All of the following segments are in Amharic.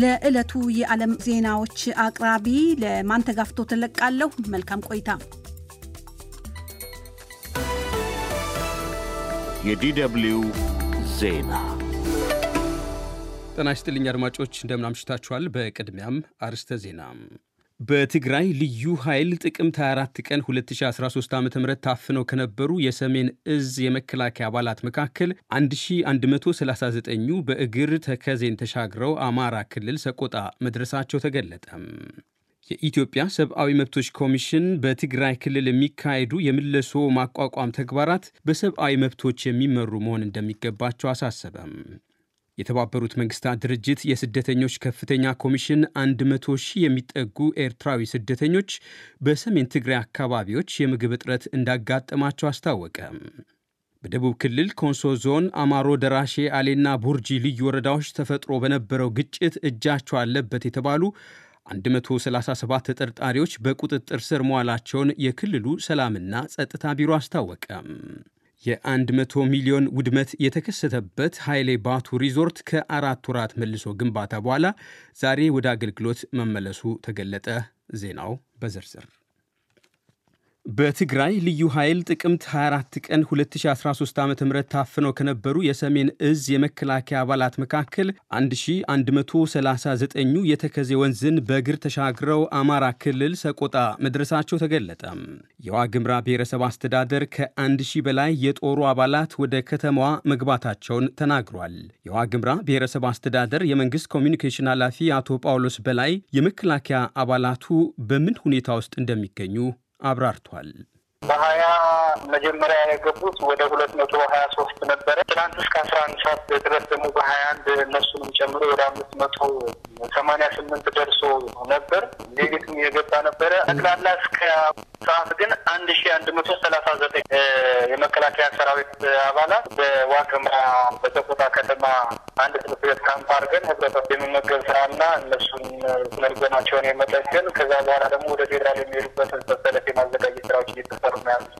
ለዕለቱ የዓለም ዜናዎች አቅራቢ ለማንተጋፍቶ ትለቃለሁ። መልካም ቆይታ። የዲደብልዩ ዜና ጤና ይስጥልኝ አድማጮች፣ እንደምናምሽታችኋል። በቅድሚያም አርስተ ዜና በትግራይ ልዩ ኃይል ጥቅምት 24 ቀን 2013 ዓ ም ታፍነው ከነበሩ የሰሜን እዝ የመከላከያ አባላት መካከል 1139ኙ በእግር ተከዜን ተሻግረው አማራ ክልል ሰቆጣ መድረሳቸው ተገለጠ። የኢትዮጵያ ሰብአዊ መብቶች ኮሚሽን በትግራይ ክልል የሚካሄዱ የምለሶ ማቋቋም ተግባራት በሰብአዊ መብቶች የሚመሩ መሆን እንደሚገባቸው አሳሰበም። የተባበሩት መንግስታት ድርጅት የስደተኞች ከፍተኛ ኮሚሽን 100 ሺህ የሚጠጉ ኤርትራዊ ስደተኞች በሰሜን ትግራይ አካባቢዎች የምግብ እጥረት እንዳጋጠማቸው አስታወቀ። በደቡብ ክልል ኮንሶ ዞን አማሮ፣ ደራሼ፣ አሌና ቡርጂ ልዩ ወረዳዎች ተፈጥሮ በነበረው ግጭት እጃቸው አለበት የተባሉ 137 ተጠርጣሪዎች በቁጥጥር ስር መዋላቸውን የክልሉ ሰላምና ጸጥታ ቢሮ አስታወቀ። የ100 ሚሊዮን ውድመት የተከሰተበት ኃይሌ ባቱ ሪዞርት ከአራት ወራት መልሶ ግንባታ በኋላ ዛሬ ወደ አገልግሎት መመለሱ ተገለጠ። ዜናው በዝርዝር በትግራይ ልዩ ኃይል ጥቅምት 24 ቀን 2013 ዓ ም ታፍነው ከነበሩ የሰሜን እዝ የመከላከያ አባላት መካከል 1139ኙ የተከዜ ወንዝን በእግር ተሻግረው አማራ ክልል ሰቆጣ መድረሳቸው ተገለጠ። የዋግምራ ብሔረሰብ አስተዳደር ከ1000 በላይ የጦሩ አባላት ወደ ከተማዋ መግባታቸውን ተናግሯል። የዋግምራ ብሔረሰብ አስተዳደር የመንግሥት ኮሚኒኬሽን ኃላፊ አቶ ጳውሎስ በላይ የመከላከያ አባላቱ በምን ሁኔታ ውስጥ እንደሚገኙ አብራርቷል። በሀያ መጀመሪያ የገቡት ወደ ሁለት መቶ ሀያ ሶስት ነበረ። ትናንት እስከ አስራ አንድ ሰዓት ድረስ ደግሞ በሀያ አንድ እነሱንም ጨምሮ ወደ አምስት መቶ ሰማንያ ስምንት ደርሶ ነበር። ሌሊትም የገባ ነበረ ጠቅላላ እስከ ሰዓት ግን አንድ ሺ አንድ መቶ ሰላሳ ዘጠኝ የመከላከያ ሰራዊት አባላት በዋግምራ በሰቆጣ ከተማ አንድ ትምህርት ቤት ካምፕ አድርገን ህብረተሰብ የሚመገብ ስራና እነሱን ስነልቦናቸውን የመጠገን ከዛ በኋላ ደግሞ ወደ ፌዴራል የሚሄዱበት በሰለፍ የማዘጋጀት ስራዎች እየተሰሩ ነው ያሉት።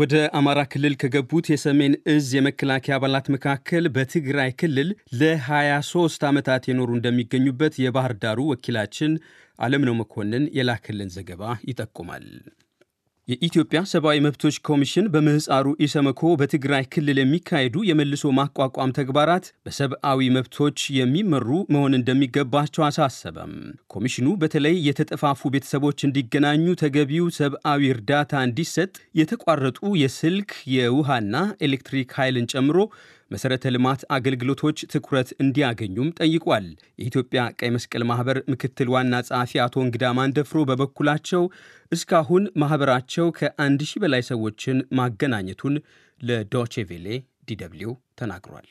ወደ አማራ ክልል ከገቡት የሰሜን እዝ የመከላከያ አባላት መካከል በትግራይ ክልል ለ23 ዓመታት የኖሩ እንደሚገኙበት የባህር ዳሩ ወኪላችን አለምነው መኮንን የላክልን ዘገባ ይጠቁማል። የኢትዮጵያ ሰብአዊ መብቶች ኮሚሽን በምህፃሩ ኢሰመኮ በትግራይ ክልል የሚካሄዱ የመልሶ ማቋቋም ተግባራት በሰብአዊ መብቶች የሚመሩ መሆን እንደሚገባቸው አሳሰበም። ኮሚሽኑ በተለይ የተጠፋፉ ቤተሰቦች እንዲገናኙ ተገቢው ሰብአዊ እርዳታ እንዲሰጥ የተቋረጡ የስልክ የውሃና ኤሌክትሪክ ኃይልን ጨምሮ መሰረተ ልማት አገልግሎቶች ትኩረት እንዲያገኙም ጠይቋል። የኢትዮጵያ ቀይ መስቀል ማህበር ምክትል ዋና ጸሐፊ አቶ እንግዳ ማንደፍሮ በበኩላቸው እስካሁን ማህበራቸው ከአንድ ሺህ በላይ ሰዎችን ማገናኘቱን ለዶቼቬሌ ቬሌ ደብልዩ ተናግሯል።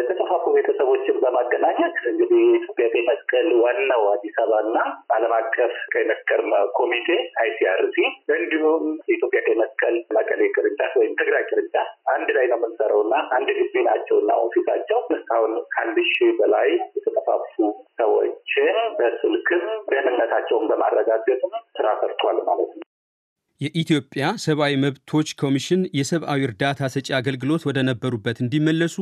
የተጠፋፉ ቤተሰቦችን በማገናኘት እንግዲህ የኢትዮጵያ ቀይ መስቀል ዋናው አዲስ አበባና ዓለም አቀፍ ቀይ መስቀል ኮሚቴ አይሲአርሲ እንዲሁም ኢትዮጵያ ቀይ መስቀል መቀሌ ቅርንጫፍ ወይም ትግራይ ቅርንጫፍ አንድ ላይ ነው የምንሰራውና አንድ ግቢ እና ኦፊሳቸው እስካሁን ከአንድ ሺ በላይ የተጠፋፉ ሰዎችን በስልክም ደህንነታቸውን በማረጋገጥም ስራ ሰርቷል ማለት ነው። የኢትዮጵያ ሰብአዊ መብቶች ኮሚሽን የሰብአዊ እርዳታ ሰጪ አገልግሎት ወደ ነበሩበት እንዲመለሱ፣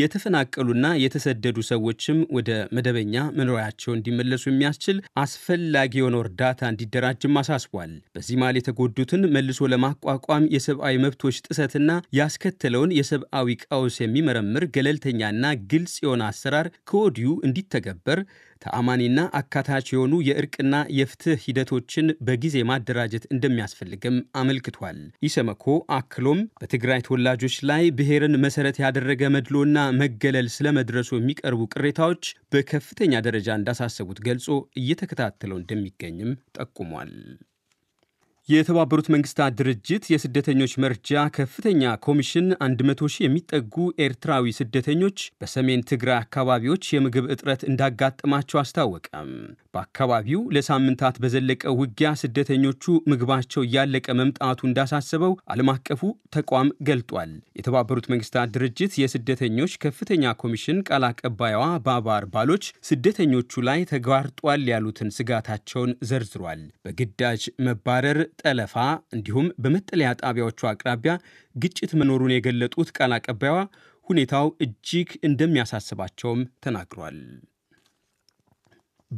የተፈናቀሉና የተሰደዱ ሰዎችም ወደ መደበኛ መኖሪያቸው እንዲመለሱ የሚያስችል አስፈላጊ የሆነው እርዳታ እንዲደራጅም አሳስቧል። በዚህ ማል የተጎዱትን መልሶ ለማቋቋም የሰብአዊ መብቶች ጥሰትና ያስከተለውን የሰብአዊ ቀውስ የሚመረምር ገለልተኛና ግልጽ የሆነ አሰራር ከወዲሁ እንዲተገበር ተአማኒና አካታች የሆኑ የእርቅና የፍትህ ሂደቶችን በጊዜ ማደራጀት እንደሚያስፈልግም አመልክቷል። ኢሰመኮ አክሎም በትግራይ ተወላጆች ላይ ብሔርን መሰረት ያደረገ መድሎና መገለል ስለመድረሱ የሚቀርቡ ቅሬታዎች በከፍተኛ ደረጃ እንዳሳሰቡት ገልጾ እየተከታተለው እንደሚገኝም ጠቁሟል። የተባበሩት መንግስታት ድርጅት የስደተኞች መርጃ ከፍተኛ ኮሚሽን 100 ሺህ የሚጠጉ ኤርትራዊ ስደተኞች በሰሜን ትግራይ አካባቢዎች የምግብ እጥረት እንዳጋጠማቸው አስታወቀም። በአካባቢው ለሳምንታት በዘለቀ ውጊያ ስደተኞቹ ምግባቸው እያለቀ መምጣቱ እንዳሳሰበው ዓለም አቀፉ ተቋም ገልጧል። የተባበሩት መንግስታት ድርጅት የስደተኞች ከፍተኛ ኮሚሽን ቃል አቀባይዋ ባባር ባሎች ስደተኞቹ ላይ ተጋርጧል ያሉትን ስጋታቸውን ዘርዝሯል። በግዳጅ መባረር፣ ጠለፋ እንዲሁም በመጠለያ ጣቢያዎቹ አቅራቢያ ግጭት መኖሩን የገለጡት ቃል አቀባይዋ ሁኔታው እጅግ እንደሚያሳስባቸውም ተናግሯል።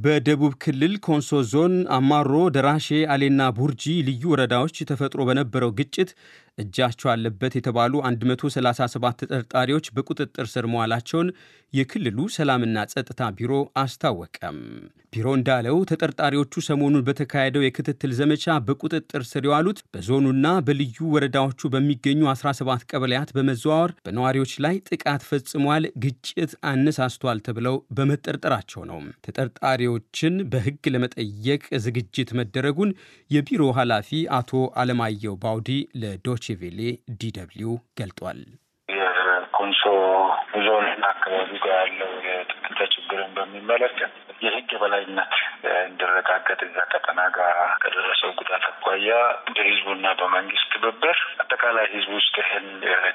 በደቡብ ክልል ኮንሶ ዞን አማሮ፣ ደራሼ፣ አሌና ቡርጂ ልዩ ወረዳዎች ተፈጥሮ በነበረው ግጭት እጃቸው አለበት የተባሉ 137 ተጠርጣሪዎች በቁጥጥር ስር መዋላቸውን የክልሉ ሰላምና ጸጥታ ቢሮ አስታወቀም። ቢሮ እንዳለው ተጠርጣሪዎቹ ሰሞኑን በተካሄደው የክትትል ዘመቻ በቁጥጥር ስር የዋሉት በዞኑና በልዩ ወረዳዎቹ በሚገኙ 17 ቀበሌያት በመዘዋወር በነዋሪዎች ላይ ጥቃት ፈጽሟል፣ ግጭት አነሳስቷል ተብለው በመጠርጠራቸው ነው። ተጠርጣሪዎችን በሕግ ለመጠየቅ ዝግጅት መደረጉን የቢሮ ኃላፊ አቶ አለማየሁ ባውዲ ለዶች ቪሌ ዲደብሊው ገልጧል። የኮንሶ ዞንና አካባቢ ጋር ያለው የጥቅተ ችግርን በሚመለከት የህግ የበላይነት እንዲረጋገጥ እዛ ቀጠና ጋር ከደረሰው ጉዳት አኳያ በህዝቡና በመንግስት ትብብር አጠቃላይ ህዝብ ውስጥ ይህን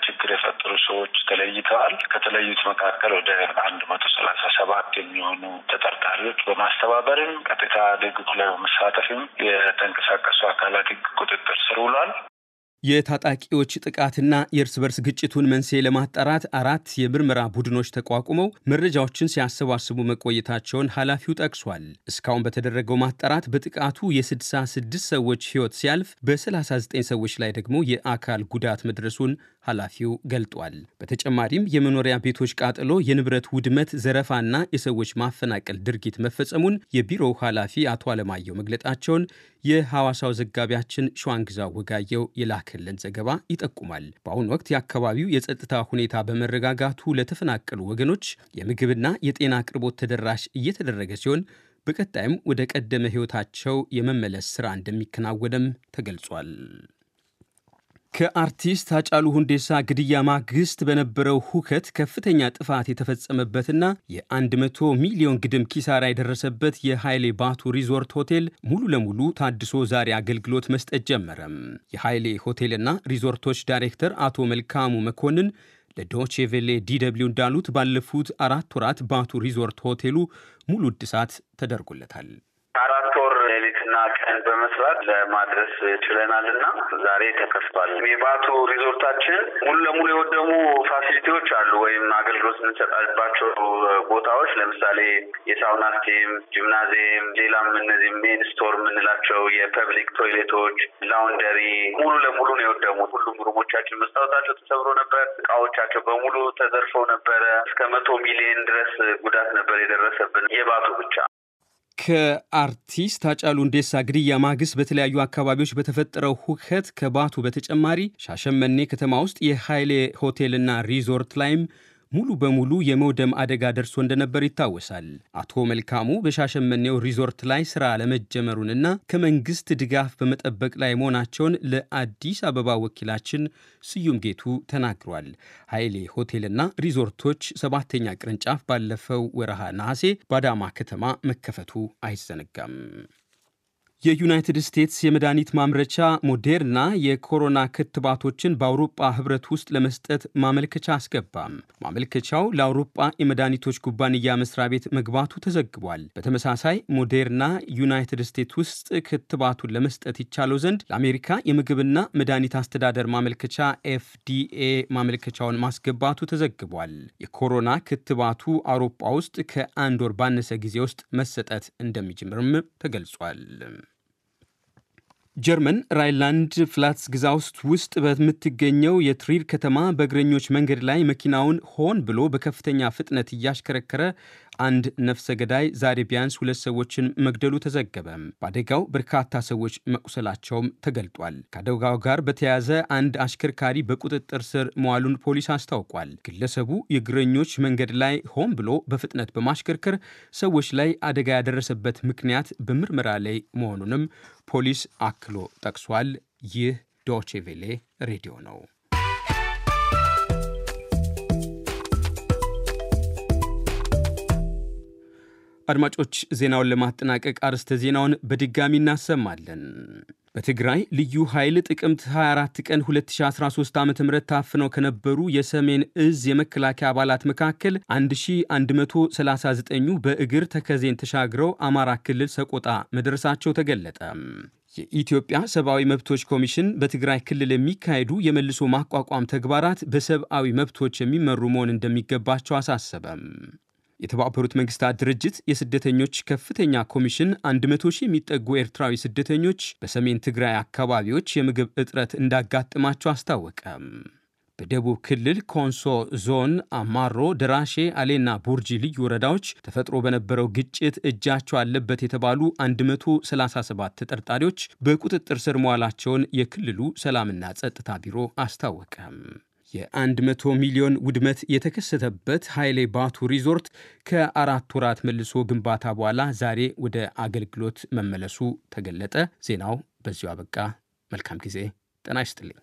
ችግር የፈጠሩ ሰዎች ተለይተዋል። ከተለዩት መካከል ወደ አንድ መቶ ሰላሳ ሰባት የሚሆኑ ተጠርጣሪዎች በማስተባበርም ቀጥታ ድግ ላይ በመሳተፍም የተንቀሳቀሱ አካላት ህግ ቁጥጥር ስር ውሏል። የታጣቂዎች ጥቃትና የእርስ በርስ ግጭቱን መንስኤ ለማጣራት አራት የምርመራ ቡድኖች ተቋቁመው መረጃዎችን ሲያሰባስቡ መቆየታቸውን ኃላፊው ጠቅሷል። እስካሁን በተደረገው ማጣራት በጥቃቱ የ66 ሰዎች ሕይወት ሲያልፍ በ39 ሰዎች ላይ ደግሞ የአካል ጉዳት መድረሱን ኃላፊው ገልጧል። በተጨማሪም የመኖሪያ ቤቶች ቃጠሎ፣ የንብረት ውድመት፣ ዘረፋና የሰዎች ማፈናቀል ድርጊት መፈጸሙን የቢሮው ኃላፊ አቶ አለማየሁ መግለጣቸውን የሐዋሳው ዘጋቢያችን ሸዋንግዛው ወጋየው ይላል። ክልል ዘገባ ይጠቁማል። በአሁኑ ወቅት የአካባቢው የጸጥታ ሁኔታ በመረጋጋቱ ለተፈናቀሉ ወገኖች የምግብና የጤና አቅርቦት ተደራሽ እየተደረገ ሲሆን በቀጣይም ወደ ቀደመ ሕይወታቸው የመመለስ ሥራ እንደሚከናወንም ተገልጿል። ከአርቲስት አጫሉ ሁንዴሳ ግድያ ማግስት በነበረው ሁከት ከፍተኛ ጥፋት የተፈጸመበትና የ100 ሚሊዮን ግድም ኪሳራ የደረሰበት የኃይሌ ባቱ ሪዞርት ሆቴል ሙሉ ለሙሉ ታድሶ ዛሬ አገልግሎት መስጠት ጀመረም። የኃይሌ ሆቴልና ሪዞርቶች ዳይሬክተር አቶ መልካሙ መኮንን ለዶቼ ቬሌ እንዳሉት ባለፉት አራት ወራት ባቱ ሪዞርት ሆቴሉ ሙሉ እድሳት ተደርጎለታል። ሌትና ቀን በመስራት ለማድረስ ችለናል እና ዛሬ ተከፍቷል። የባቱ ሪዞርታችን ሙሉ ለሙሉ የወደሙ ፋሲሊቲዎች አሉ ወይም አገልግሎት የምንሰጣባቸው ቦታዎች ለምሳሌ የሳውና ስቲም፣ ጂምናዚየም፣ ሌላም እነዚህ ሜን ስቶር የምንላቸው የፐብሊክ ቶይሌቶች፣ ላውንደሪ ሙሉ ለሙሉ ነው የወደሙት። ሁሉም ሩሞቻችን መስታወታቸው ተሰብሮ ነበር። እቃዎቻቸው በሙሉ ተዘርፈው ነበረ። እስከ መቶ ሚሊዮን ድረስ ጉዳት ነበር የደረሰብን የባቱ ብቻ። ከአርቲስት አጫሉ ሁንዴሳ ግድያ ማግስት በተለያዩ አካባቢዎች በተፈጠረው ሁከት ከባቱ በተጨማሪ ሻሸመኔ ከተማ ውስጥ የኃይሌ ሆቴልና ሪዞርት ላይም ሙሉ በሙሉ የመውደም አደጋ ደርሶ እንደነበር ይታወሳል። አቶ መልካሙ በሻሸመኔው ሪዞርት ላይ ስራ ለመጀመሩንና ከመንግስት ድጋፍ በመጠበቅ ላይ መሆናቸውን ለአዲስ አበባ ወኪላችን ስዩም ጌቱ ተናግሯል። ኃይሌ ሆቴልና ሪዞርቶች ሰባተኛ ቅርንጫፍ ባለፈው ወረሃ ነሐሴ በአዳማ ከተማ መከፈቱ አይዘነጋም። የዩናይትድ ስቴትስ የመድኃኒት ማምረቻ ሞዴርና የኮሮና ክትባቶችን በአውሮፓ ህብረት ውስጥ ለመስጠት ማመልከቻ አስገባም። ማመልከቻው ለአውሮፓ የመድኃኒቶች ኩባንያ መስሪያ ቤት መግባቱ ተዘግቧል። በተመሳሳይ ሞዴርና ዩናይትድ ስቴትስ ውስጥ ክትባቱን ለመስጠት ይቻለው ዘንድ ለአሜሪካ የምግብና መድኃኒት አስተዳደር ማመልከቻ ኤፍዲኤ ማመልከቻውን ማስገባቱ ተዘግቧል። የኮሮና ክትባቱ አውሮፓ ውስጥ ከአንድ ወር ባነሰ ጊዜ ውስጥ መሰጠት እንደሚጀምርም ተገልጿል። ጀርመን ራይንላንድ ፍላትስ ውስጥ ውስጥ በምትገኘው የትሪር ከተማ በእግረኞች መንገድ ላይ መኪናውን ሆን ብሎ በከፍተኛ ፍጥነት እያሽከረከረ አንድ ነፍሰ ገዳይ ዛሬ ቢያንስ ሁለት ሰዎችን መግደሉ ተዘገበ። በአደጋው በርካታ ሰዎች መቁሰላቸውም ተገልጧል። ከአደጋው ጋር በተያያዘ አንድ አሽከርካሪ በቁጥጥር ስር መዋሉን ፖሊስ አስታውቋል። ግለሰቡ የእግረኞች መንገድ ላይ ሆን ብሎ በፍጥነት በማሽከርከር ሰዎች ላይ አደጋ ያደረሰበት ምክንያት በምርመራ ላይ መሆኑንም ፖሊስ አክሎ ጠቅሷል። ይህ ዶቼ ቬሌ ሬዲዮ ነው። አድማጮች፣ ዜናውን ለማጠናቀቅ አርዕስተ ዜናውን በድጋሚ እናሰማለን። በትግራይ ልዩ ኃይል ጥቅምት 24 ቀን 2013 ዓ ም ታፍነው ከነበሩ የሰሜን እዝ የመከላከያ አባላት መካከል 1139ኙ በእግር ተከዜን ተሻግረው አማራ ክልል ሰቆጣ መድረሳቸው ተገለጠ። የኢትዮጵያ ሰብአዊ መብቶች ኮሚሽን በትግራይ ክልል የሚካሄዱ የመልሶ ማቋቋም ተግባራት በሰብአዊ መብቶች የሚመሩ መሆን እንደሚገባቸው አሳሰበም። የተባበሩት መንግስታት ድርጅት የስደተኞች ከፍተኛ ኮሚሽን 100 ሺህ የሚጠጉ ኤርትራዊ ስደተኞች በሰሜን ትግራይ አካባቢዎች የምግብ እጥረት እንዳጋጥማቸው አስታወቀም። በደቡብ ክልል ኮንሶ ዞን አማሮ፣ ደራሼ፣ አሌና ቡርጂ ልዩ ወረዳዎች ተፈጥሮ በነበረው ግጭት እጃቸው አለበት የተባሉ 137 ተጠርጣሪዎች በቁጥጥር ስር መዋላቸውን የክልሉ ሰላምና ጸጥታ ቢሮ አስታወቀም። የ100 ሚሊዮን ውድመት የተከሰተበት ኃይሌ ባቱ ሪዞርት ከአራት ወራት መልሶ ግንባታ በኋላ ዛሬ ወደ አገልግሎት መመለሱ ተገለጠ። ዜናው በዚሁ አበቃ። መልካም ጊዜ። ጤና ይስጥልኝ።